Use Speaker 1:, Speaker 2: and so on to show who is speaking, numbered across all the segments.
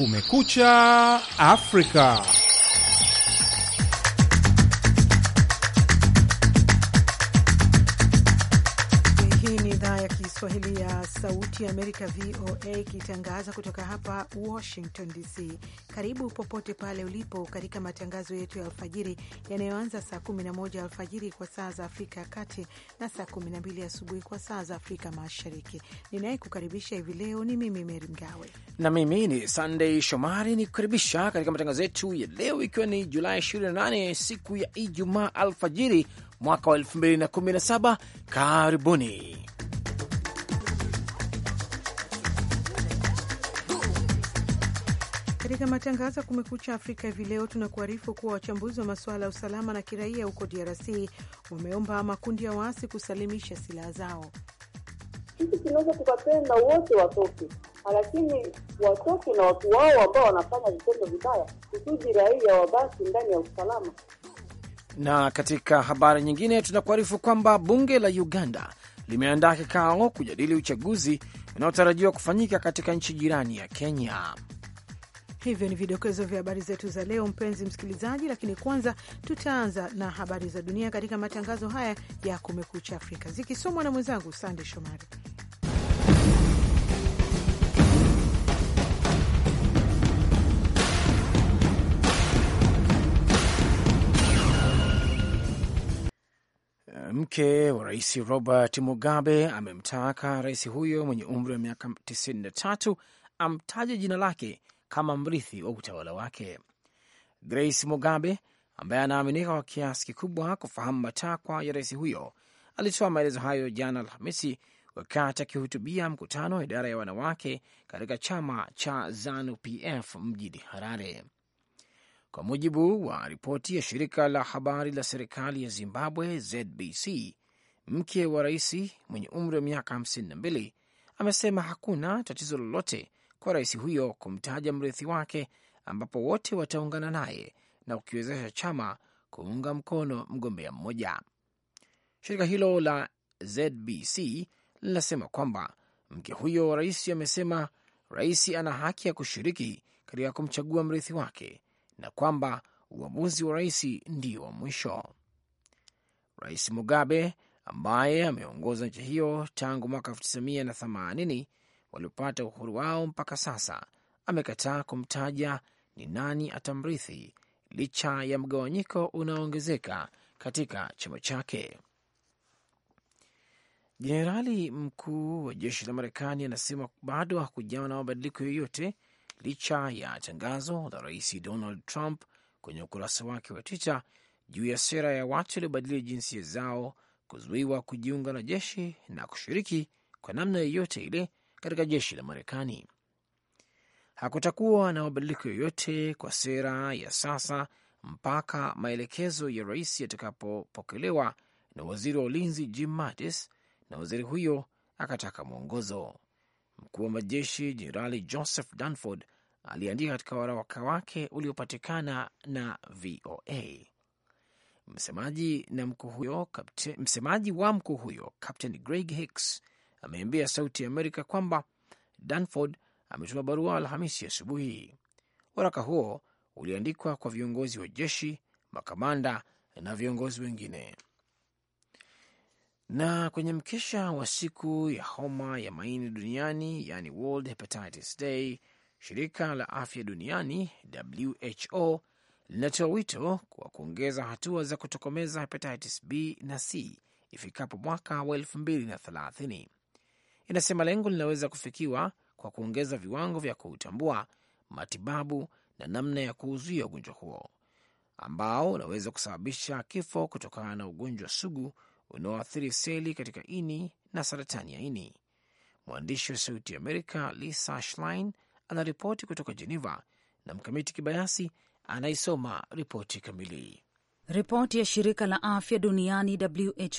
Speaker 1: Kumekucha
Speaker 2: Afrika.
Speaker 3: Hii ni idhaa ya Kiswahili Sauti ya Amerika, VOA, ikitangaza kutoka hapa Washington DC. Karibu popote pale ulipo katika matangazo yetu ya alfajiri yanayoanza saa 11 alfajiri kwa saa za Afrika ya Kati na saa 12 asubuhi kwa saa za Afrika Mashariki. Ninayekukaribisha hivi leo ni mimi Meri Mgawe
Speaker 4: na mimi ni sandey Shomari, ni kukaribisha katika matangazo yetu ya leo, ikiwa ni Julai 28 siku ya Ijumaa alfajiri mwaka wa 2017. Karibuni.
Speaker 3: Katika matangazo ya Kumekucha Afrika hivi leo tunakuarifu kuwa wachambuzi wa masuala ya usalama na kiraia huko DRC wameomba makundi ya waasi kusalimisha silaha zao.
Speaker 1: Sisi tunaweza tukapenda wote watoke, lakini watoke na watu wao ambao
Speaker 3: wanafanya vitendo
Speaker 1: vibaya, kusudi raia wabaki ndani ya usalama.
Speaker 4: Na katika habari nyingine tunakuarifu kwamba bunge la Uganda limeandaa kikao kujadili uchaguzi unaotarajiwa kufanyika katika nchi jirani ya Kenya.
Speaker 3: Hivyo ni vidokezo vya habari zetu za leo, mpenzi msikilizaji, lakini kwanza tutaanza na habari za dunia katika matangazo haya ya Kumekucha Afrika zikisomwa na mwenzangu Sande Shomari.
Speaker 4: Mke wa rais Robert Mugabe amemtaka rais huyo mwenye umri wa miaka 93 amtaje jina lake kama mrithi wa utawala wake. Grace Mugabe ambaye anaaminika kwa kiasi kikubwa kufahamu matakwa ya rais huyo alitoa maelezo hayo jana Alhamisi wakati akihutubia mkutano wa idara ya wanawake katika chama cha ZANU PF mjini Harare. Kwa mujibu wa ripoti ya shirika la habari la serikali ya Zimbabwe, ZBC, mke wa rais mwenye umri wa miaka 52 amesema hakuna tatizo lolote kwa rais huyo kumtaja mrithi wake, ambapo wote wataungana naye na kukiwezesha chama kuunga mkono mgombea mmoja. Shirika hilo la ZBC linasema kwamba mke huyo wa rais amesema rais ana haki ya kushiriki katika kumchagua mrithi wake na kwamba uamuzi wa rais ndio wa mwisho. Rais Mugabe ambaye ameongoza nchi hiyo tangu mwaka 1980 waliopata uhuru wao mpaka sasa, amekataa kumtaja ni nani atamrithi licha ya mgawanyiko unaoongezeka katika chama chake. Jenerali mkuu wa jeshi la Marekani anasema bado hakujawa na mabadiliko yoyote licha ya tangazo la Rais Donald Trump kwenye ukurasa wake wa Twitter juu ya sera ya watu waliobadili jinsia zao kuzuiwa kujiunga na jeshi na kushiriki kwa namna yoyote ile katika jeshi la Marekani. Hakutakuwa na mabadiliko yoyote kwa sera ya sasa mpaka maelekezo ya rais yatakapopokelewa na waziri wa ulinzi Jim Mattis, na waziri huyo akataka mwongozo. Mkuu wa majeshi Jenerali Joseph Dunford aliandika katika waraka wake uliopatikana na VOA. Msemaji, na mkuu huyo, kapte, msemaji wa mkuu huyo Captain Greg Hicks ameambia Sauti ya Amerika kwamba Danford ametuma barua Alhamisi asubuhi. Waraka huo uliandikwa kwa viongozi wa jeshi, makamanda na viongozi wengine. Na kwenye mkesha wa siku ya homa ya maini duniani, yani World Hepatitis Day, shirika la afya duniani WHO linatoa wito kwa kuongeza hatua za kutokomeza hepatitis B na C ifikapo mwaka wa elfu mbili na thelathini inasema lengo linaweza kufikiwa kwa kuongeza viwango vya kuutambua, matibabu na namna ya kuuzuia ugonjwa huo ambao unaweza kusababisha kifo kutokana na ugonjwa sugu unaoathiri seli katika ini na saratani ya ini. Mwandishi wa Sauti Amerika Lisa Schlein anaripoti kutoka Jeneva na Mkamiti Kibayasi anaisoma ripoti kamili.
Speaker 5: Ripoti ya shirika la afya duniani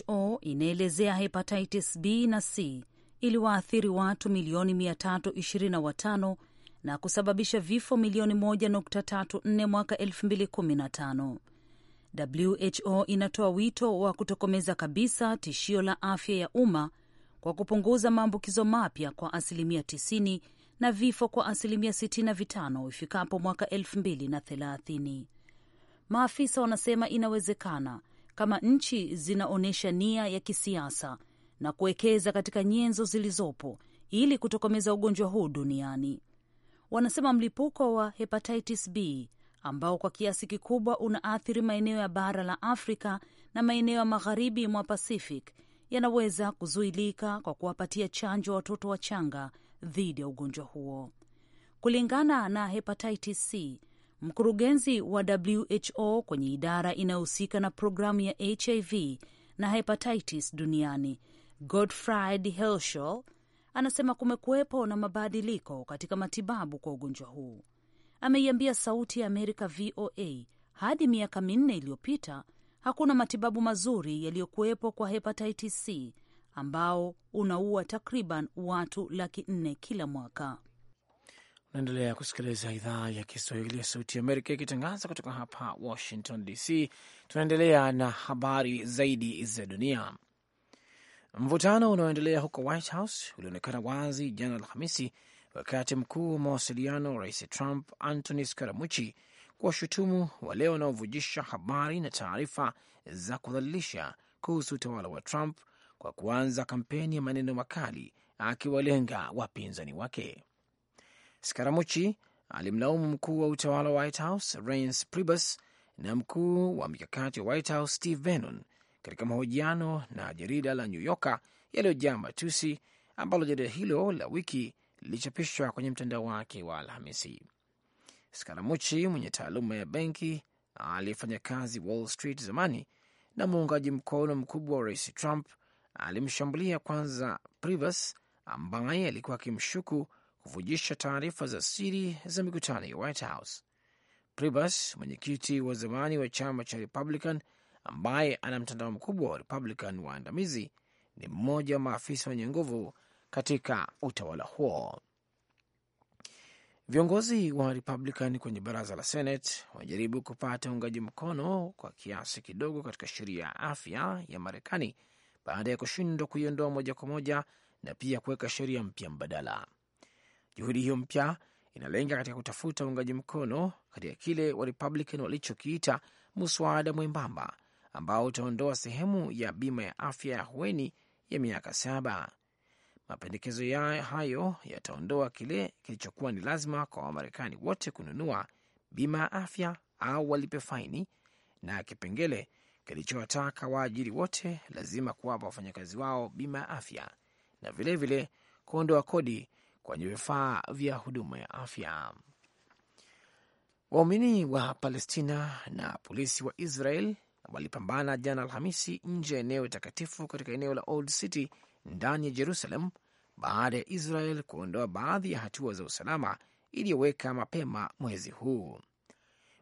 Speaker 5: WHO inaelezea hepatitis B na C iliwaathiri watu milioni 325 na kusababisha vifo milioni 1.34 mwaka 2015. WHO inatoa wito wa kutokomeza kabisa tishio la afya ya umma kwa kupunguza maambukizo mapya kwa asilimia 90 na vifo kwa asilimia 65 ifikapo mwaka 2030. Maafisa wanasema inawezekana kama nchi zinaonyesha nia ya kisiasa na kuwekeza katika nyenzo zilizopo ili kutokomeza ugonjwa huu duniani. Wanasema mlipuko wa hepatitis B ambao kwa kiasi kikubwa unaathiri maeneo ya bara la Afrika na maeneo ya magharibi mwa Pacific yanaweza kuzuilika kwa kuwapatia chanjo watoto wachanga dhidi ya ugonjwa huo. Kulingana na hepatitis C, mkurugenzi wa WHO kwenye idara inayohusika na programu ya HIV na hepatitis duniani Godfried Helshaw anasema kumekuwepo na mabadiliko katika matibabu kwa ugonjwa huu. Ameiambia Sauti ya Amerika VOA hadi miaka minne iliyopita hakuna matibabu mazuri yaliyokuwepo kwa hepatitis C ambao unaua takriban watu laki nne kila mwaka.
Speaker 4: Unaendelea kusikiliza idhaa ya Kiswahili ya Sauti ya Amerika ikitangaza kutoka hapa Washington DC. Tunaendelea na habari zaidi za dunia. Mvutano unaoendelea huko White House ulionekana wazi jana Alhamisi wakati mkuu wa mawasiliano wa Rais Trump Anthony Scaramucci kuwashutumu wale wanaovujisha habari na taarifa za kudhalilisha kuhusu utawala wa Trump kwa kuanza kampeni ya maneno makali akiwalenga wapinzani wake. Skaramuchi alimlaumu mkuu wa utawala wa White House Reince Priebus na mkuu wa mikakati wa White House Steve Bannon katika mahojiano na jarida la New Yorker yaliyojaa matusi ambalo jarida hilo la wiki lilichapishwa kwenye mtandao wake wa Alhamisi. Skaramuchi mwenye taaluma ya benki aliyefanya kazi Wall Street zamani na muungaji mkono mkubwa wa rais Trump alimshambulia kwanza Privas ambaye alikuwa akimshuku kuvujisha taarifa za siri za mikutano ya White House. Privas, mwenyekiti wa zamani wa chama cha Republican, ambaye ana mtandao mkubwa wa Republican waandamizi ni mmoja wa maafisa wenye nguvu katika utawala huo. Viongozi wa Republican kwenye baraza la Senate wanajaribu kupata uungaji mkono kwa kiasi kidogo katika sheria ya afya ya Marekani baada ya kushindwa kuiondoa moja kwa moja na pia kuweka sheria mpya mbadala. Juhudi hiyo mpya inalenga katika kutafuta uungaji mkono katika kile wa Republican walichokiita muswada mwembamba ambao utaondoa sehemu ya bima ya afya ya hueni ya miaka saba. Mapendekezo ya hayo yataondoa kile kilichokuwa ni lazima kwa Wamarekani wote kununua bima ya afya au walipe faini na kipengele kilichowataka waajiri wote lazima kuwapa wafanyakazi wao bima ya afya na vilevile kuondoa kodi kwenye vifaa vya huduma ya afya. Waumini wa Palestina na polisi wa Israel walipambana jana Alhamisi nje ya eneo takatifu katika eneo la Old City ndani ya Jerusalem baada ya Israel kuondoa baadhi ya hatua za usalama iliyoweka mapema mwezi huu.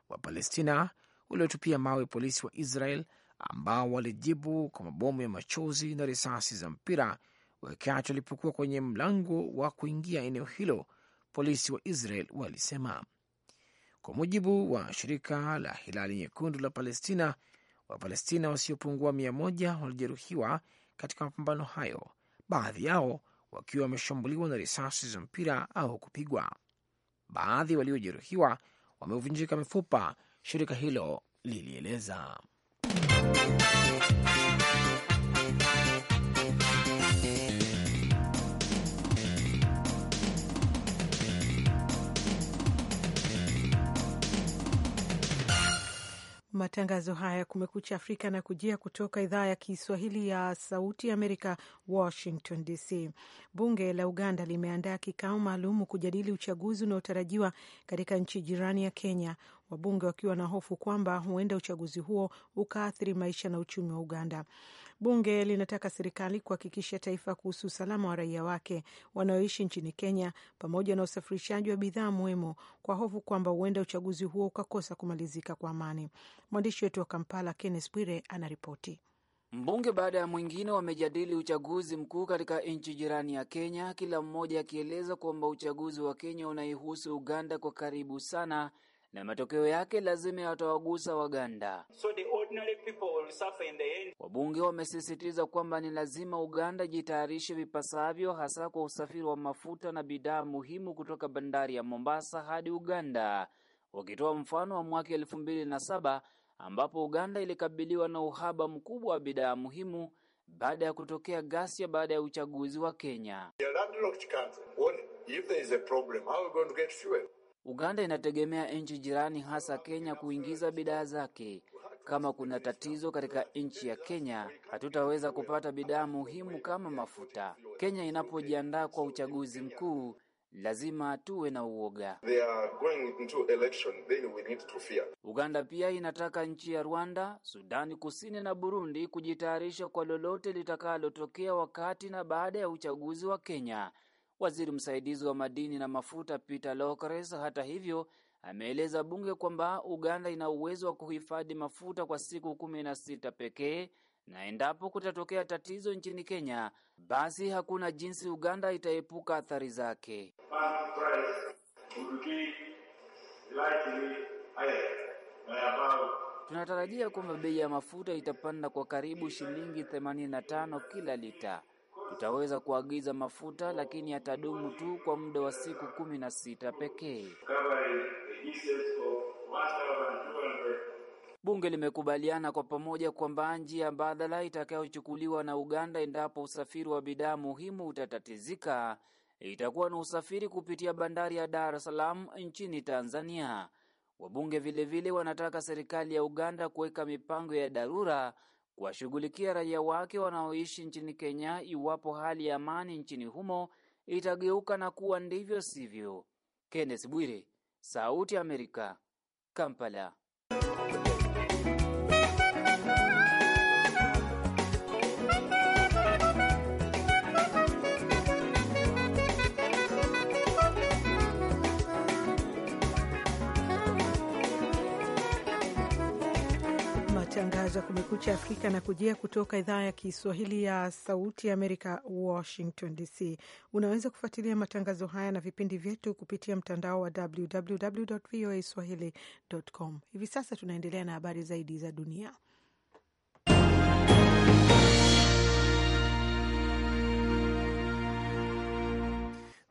Speaker 4: Wapalestina waliotupia mawe polisi wa Israel ambao walijibu kwa mabomu ya machozi na risasi za mpira wakati walipokuwa kwenye mlango wa kuingia eneo hilo, polisi wa Israel walisema, kwa mujibu wa shirika la Hilali Nyekundu la Palestina Wapalestina wasiopungua mia moja walijeruhiwa katika mapambano hayo, baadhi yao wakiwa wameshambuliwa na risasi za mpira au kupigwa. Baadhi waliojeruhiwa wamevunjika mifupa, shirika hilo lilieleza.
Speaker 3: Matangazo haya Kumekucha Afrika na kujia kutoka idhaa ya Kiswahili ya Sauti ya Amerika, Washington DC. Bunge la Uganda limeandaa kikao maalum kujadili uchaguzi unaotarajiwa katika nchi jirani ya Kenya, wabunge wakiwa na hofu kwamba huenda uchaguzi huo ukaathiri maisha na uchumi wa Uganda. Bunge linataka serikali kuhakikisha taifa kuhusu usalama wa raia wake wanaoishi nchini Kenya pamoja na usafirishaji wa bidhaa muhimu, kwa hofu kwamba huenda uchaguzi huo ukakosa kumalizika kwa amani. Mwandishi wetu wa Kampala, Kenneth Bwire, anaripoti.
Speaker 6: Mbunge baada ya mwingine wamejadili uchaguzi mkuu katika nchi jirani ya Kenya, kila mmoja akieleza kwamba uchaguzi wa Kenya unaihusu Uganda kwa karibu sana, na matokeo yake lazima yatawagusa Waganda. So the ordinary people will suffer in the end. Wabunge wamesisitiza kwamba ni lazima Uganda jitayarishe vipasavyo, hasa kwa usafiri wa mafuta na bidhaa muhimu kutoka bandari ya Mombasa hadi Uganda, wakitoa mfano wa mwaka elfu mbili na saba ambapo Uganda ilikabiliwa na uhaba mkubwa wa bidhaa muhimu baada ya kutokea ghasia baada ya uchaguzi wa Kenya. Uganda inategemea nchi jirani hasa Kenya kuingiza bidhaa zake. Kama kuna tatizo katika nchi ya Kenya, hatutaweza kupata bidhaa muhimu kama mafuta. Kenya inapojiandaa kwa uchaguzi mkuu, lazima tuwe na uoga. Uganda pia inataka nchi ya Rwanda, Sudani Kusini na Burundi kujitayarisha kwa lolote litakalotokea wakati na baada ya uchaguzi wa Kenya. Waziri msaidizi wa madini na mafuta Peter Lokres, hata hivyo, ameeleza bunge kwamba Uganda ina uwezo wa kuhifadhi mafuta kwa siku kumi na sita pekee na endapo kutatokea tatizo nchini Kenya, basi hakuna jinsi Uganda itaepuka athari zake. Tunatarajia kwamba bei ya mafuta itapanda kwa karibu shilingi 85 kila lita. Tutaweza kuagiza mafuta lakini yatadumu tu kwa muda wa siku kumi na sita pekee. Bunge limekubaliana kwa pamoja kwamba njia mbadala itakayochukuliwa na Uganda endapo usafiri wa bidhaa muhimu utatatizika itakuwa na usafiri kupitia bandari ya Dar es Salaam nchini Tanzania. Wabunge vilevile vile wanataka serikali ya Uganda kuweka mipango ya dharura kuwashughulikia raia wake wanaoishi nchini Kenya iwapo hali ya amani nchini humo itageuka na kuwa ndivyo sivyo. Kenneth Bwire, Sauti ya Amerika, Kampala.
Speaker 3: matangazo ya Kumekucha Afrika na kujia kutoka idhaa ya Kiswahili ya Sauti ya Amerika, Washington DC. Unaweza kufuatilia matangazo haya na vipindi vyetu kupitia mtandao wa www voa swahili.com. Hivi sasa tunaendelea na habari zaidi za dunia.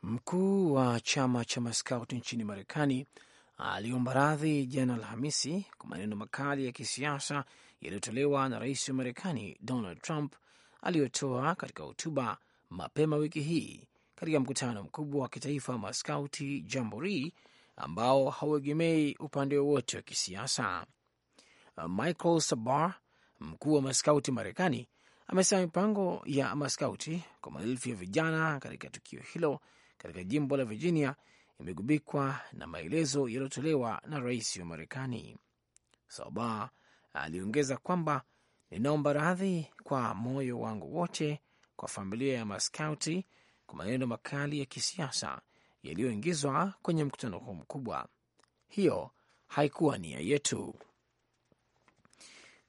Speaker 4: Mkuu wa chama cha maskauti nchini Marekani aliomba radhi jana Alhamisi kwa maneno makali ya kisiasa yaliyotolewa na rais wa Marekani Donald Trump aliyotoa katika hotuba mapema wiki hii katika mkutano mkubwa wa kitaifa wa maskauti Jamboree ambao hauegemei upande wowote wa kisiasa. Michael Sabar, mkuu wa maskauti Marekani, amesema mipango ya maskauti kwa maelfu ya vijana katika tukio hilo katika jimbo la Virginia imegubikwa na maelezo yaliyotolewa na rais wa Marekani. Sabar Aliongeza kwamba ninaomba radhi kwa moyo wangu wote kwa familia ya maskauti kwa maneno makali ya kisiasa yaliyoingizwa kwenye mkutano huu mkubwa. Hiyo haikuwa nia yetu.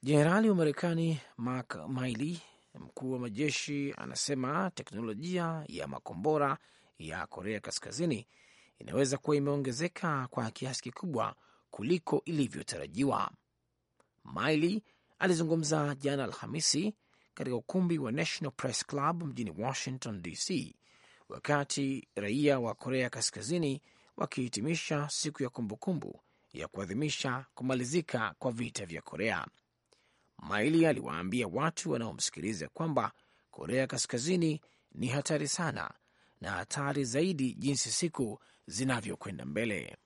Speaker 4: Jenerali wa Marekani Mark Milley, mkuu wa majeshi, anasema teknolojia ya makombora ya Korea Kaskazini inaweza kuwa imeongezeka kwa kiasi kikubwa kuliko ilivyotarajiwa. Miley alizungumza jana Alhamisi katika ukumbi wa National Press Club mjini Washington DC, wakati raia wa Korea Kaskazini wakihitimisha siku ya kumbukumbu ya kuadhimisha kumalizika kwa vita vya Korea. Miley aliwaambia watu wanaomsikiliza kwamba Korea Kaskazini ni hatari sana na hatari zaidi jinsi siku zinavyokwenda mbele.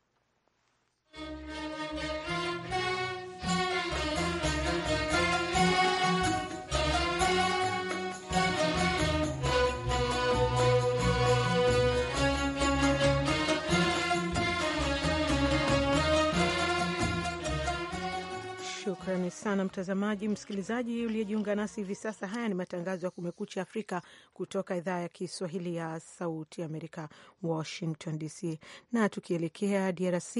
Speaker 3: Shukrani sana mtazamaji, msikilizaji uliyejiunga nasi hivi sasa. Haya ni matangazo ya Kumekucha Afrika kutoka idhaa ya Kiswahili ya Sauti Amerika, Washington DC. Na tukielekea DRC,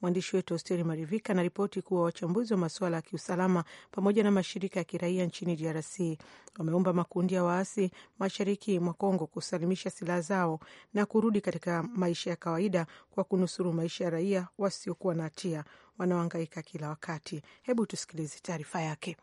Speaker 3: mwandishi wetu Hosteri Marivika anaripoti kuwa wachambuzi wa masuala ya kiusalama pamoja na mashirika ya kiraia nchini DRC wameomba makundi ya waasi mashariki mwa Kongo kusalimisha silaha zao na kurudi katika maisha ya kawaida kwa kunusuru maisha ya raia wasiokuwa na hatia wanaohangaika kila wakati. Hebu tusikilize taarifa yake.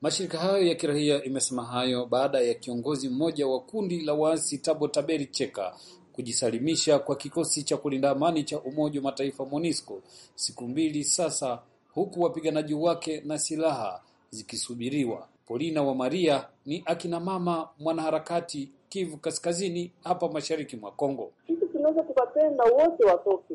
Speaker 7: Mashirika hayo ya kiraia imesema hayo baada ya kiongozi mmoja wa kundi la waasi Tabo Taberi Cheka kujisalimisha kwa kikosi cha kulinda amani cha Umoja wa Mataifa MONUSCO siku mbili sasa, huku wapiganaji wake na silaha zikisubiriwa. Polina wa Maria ni akina mama mwanaharakati Kivu Kaskazini, hapa mashariki mwa Kongo.
Speaker 1: Sisi tunaweza tukapenda wote watoke,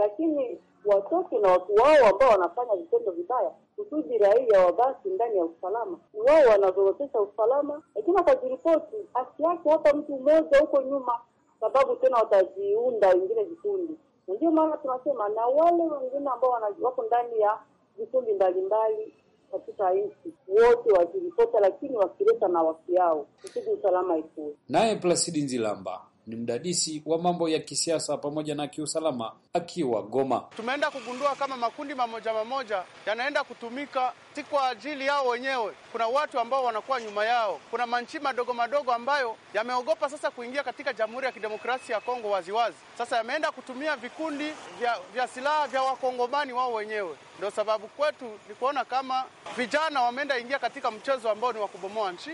Speaker 1: lakini watoke na watu wao ambao wanafanya vitendo vibaya, kusudi raia wabaki ndani ya usalama. Wao wanazorotesha usalama, lakini watajiripoti asiake hata mtu mmoja huko nyuma, sababu tena watajiunda wengine vikundi, na ndio maana tunasema na wale wengine ambao wako ndani ya vikundi mbalimbali katika nchi wote wakiripota, lakini wakileta na wasi yao kusudi usalama ikuwe.
Speaker 7: Naye Plasidi Nzilamba ni mdadisi wa mambo ya kisiasa pamoja na kiusalama akiwa Goma.
Speaker 8: Tumeenda kugundua kama makundi mamoja mamoja yanaenda kutumika si kwa ajili yao wenyewe. Kuna watu ambao wanakuwa nyuma yao, kuna manchi madogo madogo ambayo yameogopa sasa kuingia katika Jamhuri ya Kidemokrasia ya Kongo waziwazi. Sasa yameenda kutumia vikundi vya, vya silaha vya wakongomani wao wenyewe. Ndio sababu kwetu ni kuona kama vijana wameenda ingia katika mchezo ambao ni wa kubomoa nchi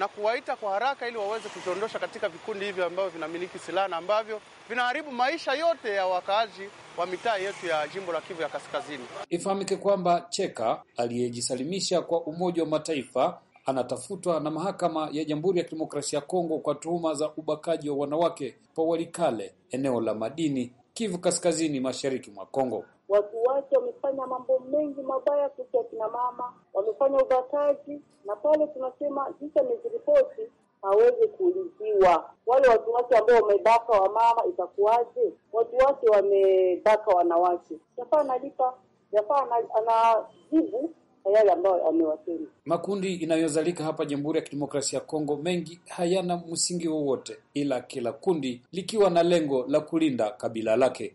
Speaker 8: na kuwaita kwa haraka ili waweze kujiondosha katika vikundi hivyo ambavyo vinamiliki silaha na ambavyo vinaharibu maisha yote ya wakaaji wa mitaa yetu ya jimbo la Kivu ya Kaskazini. Ifahamike
Speaker 7: kwamba Cheka aliyejisalimisha kwa Umoja wa Mataifa anatafutwa na mahakama ya Jamhuri ya Kidemokrasia ya Kongo kwa tuhuma za ubakaji wa wanawake pa Walikale, eneo la madini, Kivu Kaskazini, mashariki mwa Kongo.
Speaker 1: Watu wake wamefanya mambo mengi mabaya kuhusu akina mama, wamefanya ubakaji, na pale tunasema jinsi ameziripoti aweze kuuliziwa. Wale watu wake ambao wamebaka wamama itakuwaje? Watu wake wamebaka wanawake, yafaa analipa, yafaa anajibu yale ambayo amewatenda.
Speaker 7: Makundi inayozalika hapa Jamhuri ya Kidemokrasia ya Kongo mengi hayana msingi wowote, ila kila kundi likiwa na lengo la kulinda kabila lake.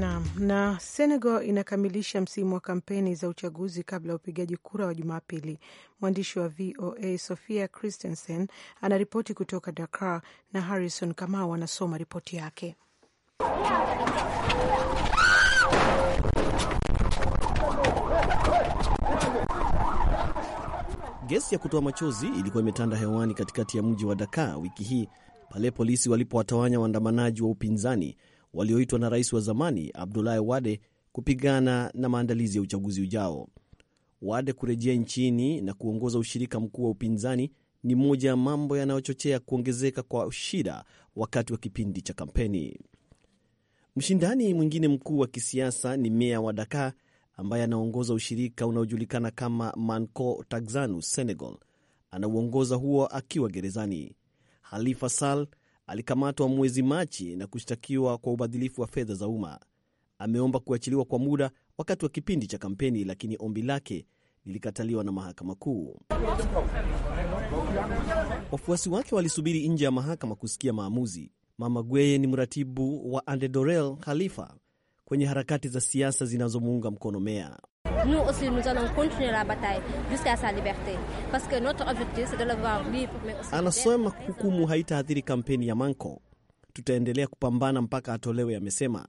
Speaker 3: Naam. Na Senegal inakamilisha msimu wa kampeni za uchaguzi kabla ya upigaji kura wa Jumapili. Mwandishi wa VOA Sofia Christensen anaripoti kutoka Dakar na Harrison Kamau anasoma ripoti yake.
Speaker 8: Gesi ya kutoa machozi ilikuwa imetanda hewani katikati ya mji wa Dakar wiki hii pale polisi walipowatawanya waandamanaji wa upinzani walioitwa na rais wa zamani abdulahi Wade kupigana na maandalizi ya uchaguzi ujao. Wade kurejea nchini na kuongoza ushirika mkuu wa upinzani ni moja ya mambo yanayochochea kuongezeka kwa shida wakati wa kipindi cha kampeni. Mshindani mwingine mkuu wa kisiasa ni meya wa Dakar ambaye anaongoza ushirika unaojulikana kama Manco tazanu Senegal. Anauongoza huo akiwa gerezani. Halifa Sall alikamatwa mwezi Machi na kushtakiwa kwa ubadhilifu wa fedha za umma. Ameomba kuachiliwa kwa muda wakati wa kipindi cha kampeni, lakini ombi lake lilikataliwa na mahakama kuu. Wafuasi wake walisubiri nje ya mahakama kusikia maamuzi. Mama Gweye ni mratibu wa Andedorel Khalifa kwenye harakati za siasa zinazomuunga mkono meya.
Speaker 5: Nous aussi, nous allons continuer la bataille jusqu'à sa liberté, parce que notre objectif c'est de le voir libre. Mais aussi
Speaker 8: anasema hukumu haitaathiri kampeni ya Manko, tutaendelea kupambana mpaka atolewe, amesema.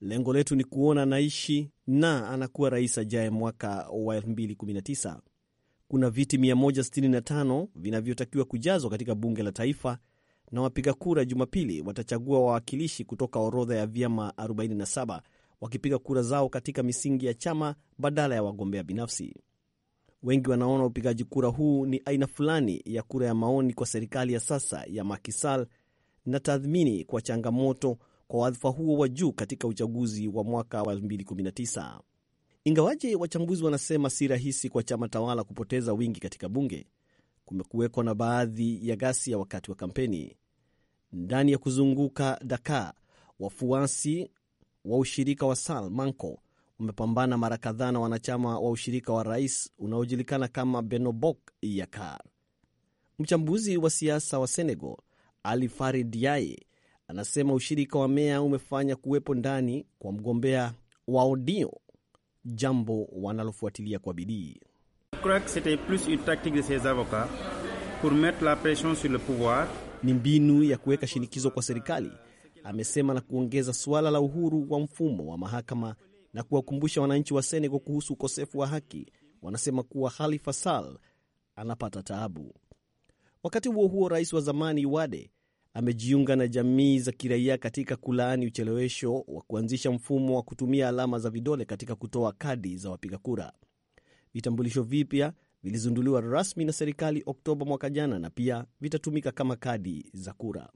Speaker 8: Lengo letu ni kuona anaishi na anakuwa rais ajaye mwaka wa 2019. Kuna viti 165 vinavyotakiwa kujazwa katika bunge la taifa na wapiga kura Jumapili watachagua wawakilishi kutoka orodha ya vyama 47 wakipiga kura zao katika misingi ya chama badala ya wagombea binafsi. Wengi wanaona upigaji kura huu ni aina fulani ya kura ya maoni kwa serikali ya sasa ya Macky Sall na tathmini kwa changamoto kwa wadhifa huo wa juu katika uchaguzi wa mwaka wa 2019. Ingawaje wachambuzi wanasema si rahisi kwa chama tawala kupoteza wingi katika bunge, kumekuwekwa na baadhi ya ghasia wakati wa kampeni. Ndani ya kuzunguka Dakar, wafuasi wa ushirika wa Sal Manco umepambana mara kadhaa na wanachama wa ushirika wa rais unaojulikana kama Benobok Yakar. Mchambuzi wa siasa wa Senegal Ali Fari Diaye anasema ushirika wa meya umefanya kuwepo ndani kwa mgombea wa Odio, jambo wanalofuatilia kwa bidii. Ni mbinu ya kuweka shinikizo kwa serikali amesema na kuongeza suala la uhuru wa mfumo wa mahakama na kuwakumbusha wananchi wa Senegal kuhusu ukosefu wa haki. Wanasema kuwa Halifa Sall anapata taabu. Wakati huo huo, rais wa zamani Wade amejiunga na jamii za kiraia katika kulaani uchelewesho wa kuanzisha mfumo wa kutumia alama za vidole katika kutoa kadi za wapiga kura. Vitambulisho vipya vilizinduliwa rasmi na serikali Oktoba mwaka jana na pia vitatumika kama kadi za kura.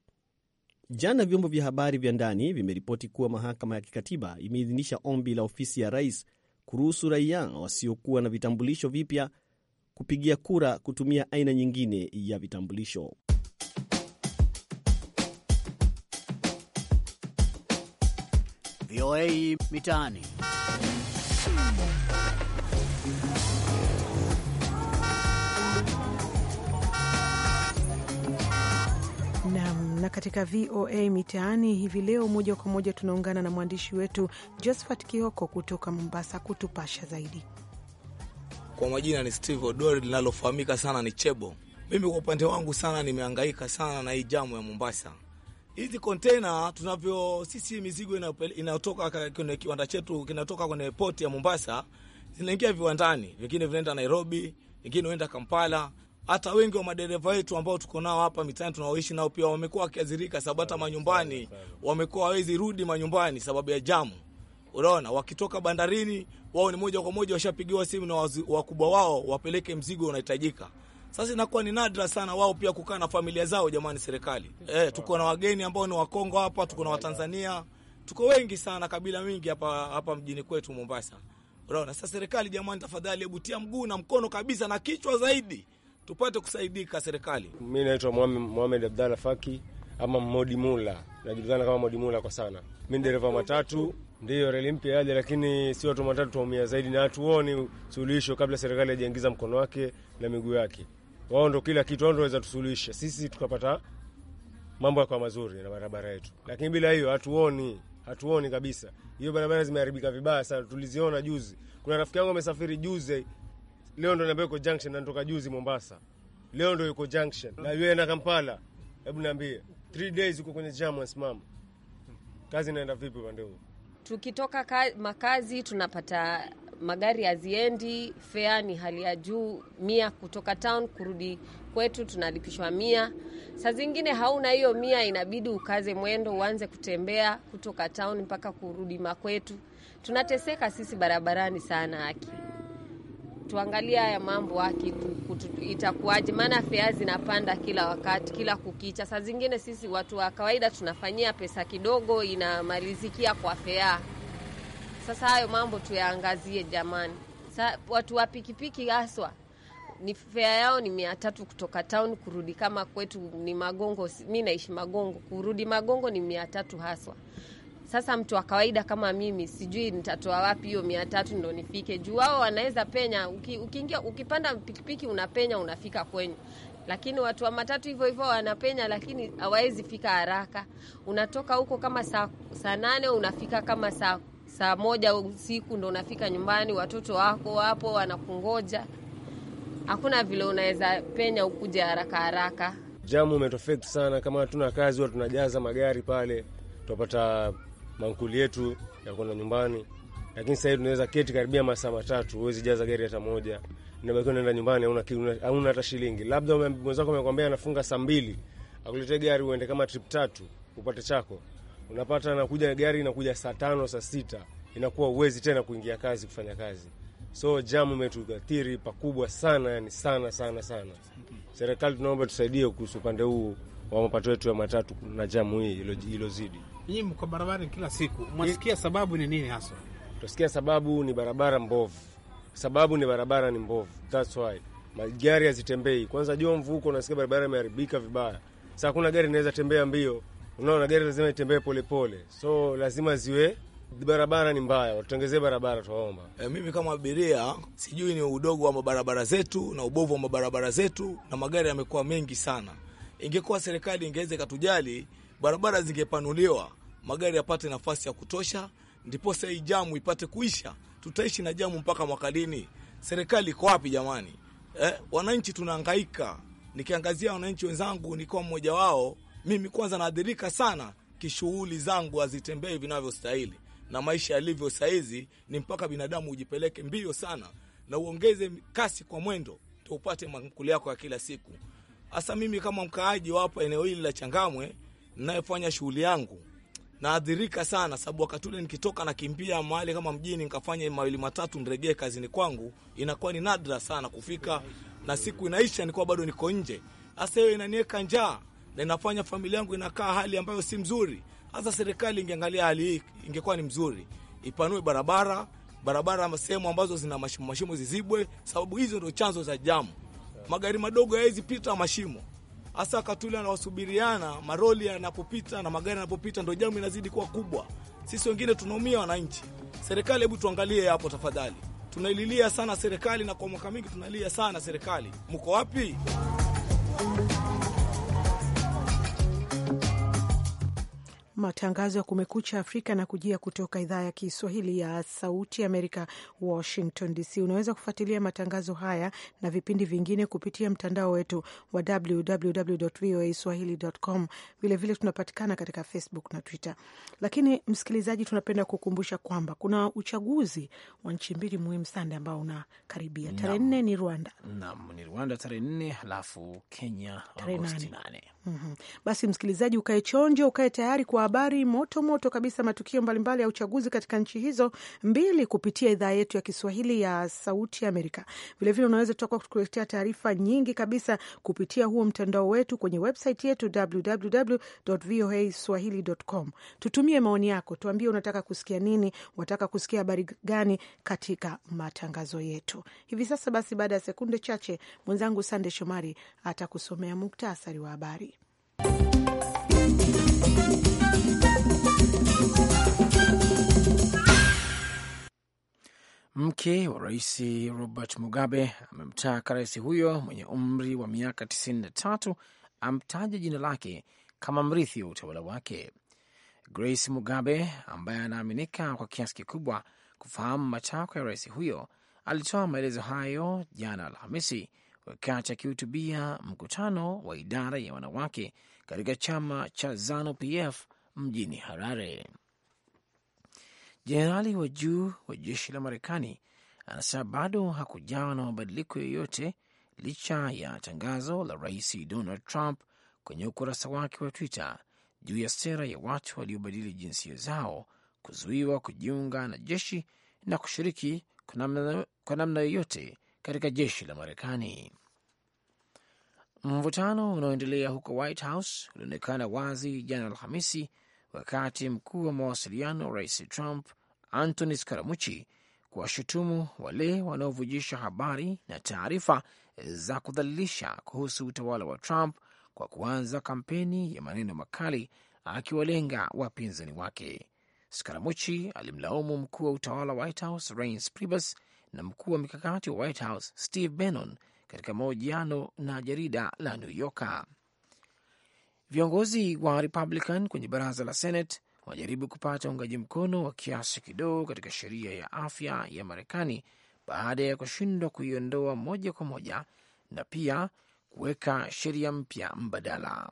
Speaker 8: Jana vyombo vya habari vya ndani vimeripoti kuwa mahakama ya kikatiba imeidhinisha ombi la ofisi ya rais kuruhusu raia wasiokuwa na vitambulisho vipya kupigia kura kutumia aina nyingine ya vitambulisho. VOA
Speaker 4: Mitaani.
Speaker 3: na katika VOA Mitaani hivi leo, moja kwa moja tunaungana na mwandishi wetu Josephat Kioko kutoka Mombasa kutupasha zaidi.
Speaker 9: Kwa majina ni Steve Odori, linalofahamika sana ni Chebo. Mimi kwa upande wangu sana nimehangaika sana na hii jamu ya Mombasa. Hizi kontena tunavyo sisi, mizigo inayotoka kwenye kiwanda chetu kinatoka kwenye poti ya Mombasa, zinaingia viwandani, vingine vinaenda Nairobi, vingine huenda Kampala, hata wengi wa madereva wetu ambao tuko nao hapa mitaani tunaoishi nao pia wamekuwa wakiadhirika, sababu hata manyumbani wamekuwa hawezi rudi manyumbani sababu ya jamu. Unaona, wakitoka bandarini wao ni moja kwa moja washapigiwa simu na wakubwa wao wapeleke mzigo unahitajika. Sasa inakuwa ni nadra sana wao pia kukaa na familia zao. Jamani serikali, eh, tuko na wageni ambao ni Wakongo hapa, tuko na Watanzania, tuko wengi sana, kabila mingi hapa hapa mjini kwetu Mombasa. Unaona, sasa serikali, jamani, tafadhali, hebu tia mguu na mkono kabisa
Speaker 2: na kichwa zaidi tupate kusaidika serikali. Mi naitwa Mohamed Abdalla Faki ama Modi Mula, najulikana kama Modi Mula kwa sana. Mi ni dereva matatu, ndiyo reli mpya yaje, lakini si watu matatu twaumia zaidi, na hatuoni suluhisho kabla serikali hajaingiza mkono wake na miguu yake. Wao ndo kila kitu, wao ndo waweza tusuluhisha sisi tukapata mambo yakawa mazuri na barabara yetu, lakini bila hiyo hatuoni hatuoni kabisa. Hiyo barabara zimeharibika vibaya sana, tuliziona juzi. Kuna rafiki yangu amesafiri juzi leo ndo niambia yuko junction na natoka juzi Mombasa, leo ndo yuko junction na yeye na Kampala. Hebu niambie, 3 days uko kwenye jam, wasimama, kazi inaenda vipi Pande huo?
Speaker 10: Tukitoka ka, makazi tunapata magari haziendi, fea ni hali ya juu mia kutoka town kurudi kwetu tunalipishwa mia. Saa zingine hauna hiyo mia, inabidi ukaze mwendo uanze kutembea kutoka town mpaka kurudi makwetu. Tunateseka sisi barabarani sana, haki tuangalie haya mambo haki itakuwaje, maana fea zinapanda kila wakati, kila kukicha. Saa zingine sisi watu wa kawaida tunafanyia pesa kidogo, inamalizikia kwa fea. Sasa hayo mambo tuyaangazie jamani. Sa, watu wa pikipiki haswa ni fea yao ni mia tatu kutoka town kurudi, kama kwetu ni Magongo, mi naishi Magongo, kurudi Magongo ni mia tatu haswa sasa mtu wa kawaida kama mimi sijui nitatoa wapi hiyo mia tatu ndo nifike juu. Wao wanaweza penya, ukiingia uki ukipanda pikipiki unapenya unafika kwenyu, lakini watu wa matatu hivyo hivyo wanapenya, lakini hawawezi fika haraka. Unatoka huko kama saa, saa nane unafika kama saa, saa moja usiku ndo unafika nyumbani, watoto wako wapo wanakungoja. Hakuna vile unaweza penya ukuja haraka haraka.
Speaker 2: Jamu umetofect sana, kama hatuna kazi huwa tunajaza magari pale, tunapata mankuli yetu ya kwenda nyumbani, lakini sasa hivi tunaweza keti karibia masaa matatu, huwezi jaza gari hata moja, nabakiwa naenda nyumbani, hauna hata shilingi. Labda mwenzako amekwambia anafunga saa mbili, akulete gari uende kama trip tatu upate chako, unapata nakuja gari inakuja saa tano saa sita, inakuwa uwezi tena kuingia kazi kufanya kazi. So jamu imetuathiri pakubwa sana, yani sana sana sana. Serikali tunaomba tusaidie kuhusu upande huu wa mapato yetu ya matatu na jamu hii ilozidi. ilo, Nyinyi mko barabara kila siku, mwasikia sababu ni nini hasa? Tusikia sababu ni barabara mbovu, sababu ni barabara ni mbovu, that's why magari hazitembei. Kwanza jua mvuko, unasikia barabara imeharibika vibaya, Sasa hakuna gari inaweza tembea mbio, unaona gari lazima itembee polepole, so lazima ziwe barabara ni mbaya, watutengezee barabara tuwaomba. E, eh, mimi kama abiria sijui ni udogo wa mabarabara zetu
Speaker 9: na ubovu wa mabarabara zetu, na magari yamekuwa mengi sana. Ingekuwa serikali ingeweza ikatujali, barabara zingepanuliwa magari yapate nafasi ya kutosha, ndipo sasa hii jamu ipate kuisha. Tutaishi na jamu mpaka mwaka lini? Serikali iko wapi jamani? Eh, wananchi tunahangaika. Nikiangazia wananchi wenzangu, nikiwa mmoja wao, mimi kwanza naadhirika sana kishughuli zangu hazitembei vinavyostahili, na maisha yalivyo saizi ni mpaka binadamu ujipeleke mbio sana na uongeze kasi kwa mwendo ndio upate makuli yako ya kila siku. Hasa mimi kama mkaaji wa hapa eneo hili la Changamwe, ninayefanya shughuli yangu naadhirika sana, sababu wakati ule nikitoka nakimbia mahali kama mjini nikafanya mawili matatu nirejee kazini kwangu, inakuwa ni nadra sana kufika, na siku inaisha nikuwa bado niko nje. Sasa hiyo inaniweka njaa na inafanya familia yangu inakaa hali ambayo si mzuri. Sasa serikali ingeangalia hali hii, ingekuwa ni mzuri, ipanue barabara barabara sehemu ambazo zina mashimo mashimo zizibwe, sababu hizo ndo chanzo za jamu. Magari madogo hayawezi pita mashimo hasa wakati ule anawasubiriana maroli yanapopita na magari yanapopita, ndo jamu inazidi kuwa kubwa. Sisi wengine tunaumia, wananchi. Serikali, hebu tuangalie hapo tafadhali. Tunaililia sana serikali, na kwa mwaka mingi tunalia sana serikali. Mko wapi?
Speaker 3: Matangazo ya Kumekucha Afrika na kujia kutoka idhaa ya Kiswahili ya Sauti Amerika, Washington DC. Unaweza kufuatilia matangazo haya na vipindi vingine kupitia mtandao wetu wa www voa swahili.com. Vilevile tunapatikana katika Facebook na Twitter. Lakini msikilizaji, tunapenda kukumbusha kwamba kuna uchaguzi wa nchi mbili muhimu sana ambao unakaribia. Tarehe nne ni Rwanda,
Speaker 4: naam, ni Rwanda tarehe nne, halafu Kenya tarehe nane.
Speaker 3: Mm -hmm. Basi msikilizaji, ukae chonjo, ukae tayari kwa habari moto moto kabisa, matukio mbalimbali ya uchaguzi katika nchi hizo mbili kupitia idhaa yetu ya Kiswahili ya Sauti Amerika. Vilevile unaweza toka kuletea taarifa nyingi kabisa kupitia huo mtandao wetu kwenye website yetu www.voaswahili.com. Tutumie maoni yako, tuambie unataka kusikia nini, unataka kusikia habari gani katika matangazo yetu hivi sasa. Basi baada ya sekunde chache, mwenzangu Sande Shomari atakusomea muktasari wa habari.
Speaker 4: Mke wa rais Robert Mugabe amemtaka rais huyo mwenye umri wa miaka 93 amtaje jina lake kama mrithi wa utawala wake. Grace Mugabe ambaye anaaminika kwa kiasi kikubwa kufahamu matakwa ya rais huyo alitoa maelezo hayo jana Alhamisi wakati akihutubia mkutano wa idara ya wanawake katika chama cha ZANU-PF mjini Harare. Jenerali wa juu wa jeshi la Marekani anasema bado hakujawa na mabadiliko yoyote licha ya tangazo la Rais Donald Trump kwenye ukurasa wake wa Twitter juu ya sera ya watu waliobadili jinsia zao kuzuiwa kujiunga na jeshi na kushiriki kwa namna yoyote katika jeshi la Marekani. Mvutano unaoendelea huko White House ulionekana wazi jana Alhamisi wakati mkuu wa mawasiliano wa rais Trump Anthony Scaramucci kuwashutumu wale wanaovujisha habari na taarifa za kudhalilisha kuhusu utawala wa Trump kwa kuanza kampeni ya maneno makali akiwalenga wapinzani wake. Scaramucci alimlaumu mkuu wa utawala White House Reince Priebus na mkuu wa mikakati wa White House Steve Bannon katika mahojiano na jarida la New Yorker. Viongozi wa Republican kwenye baraza la Senate wanajaribu kupata uungaji mkono wa kiasi kidogo katika sheria ya afya ya Marekani baada ya kushindwa kuiondoa moja kwa moja na pia kuweka sheria mpya mbadala.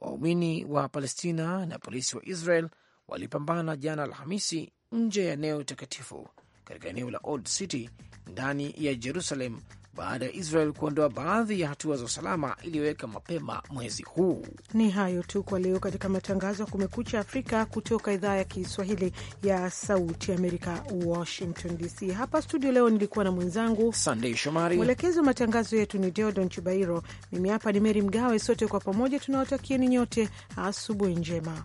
Speaker 4: Waumini wa Palestina na polisi wa Israel walipambana jana Alhamisi nje ya eneo takatifu katika eneo la Old City ndani ya Jerusalem baada ya Israel kuondoa baadhi ya hatua za usalama iliyoweka mapema mwezi huu.
Speaker 3: Ni hayo tu kwa leo katika matangazo ya Kumekucha Afrika kutoka idhaa ya Kiswahili ya Sauti Amerika, Washington DC. Hapa studio leo nilikuwa na mwenzangu
Speaker 4: Sandei Shomari, mwelekezi
Speaker 3: wa matangazo yetu ni Deodon Chibairo, mimi hapa ni Meri Mgawe. Sote kwa pamoja tunawatakieni nyote asubuhi njema.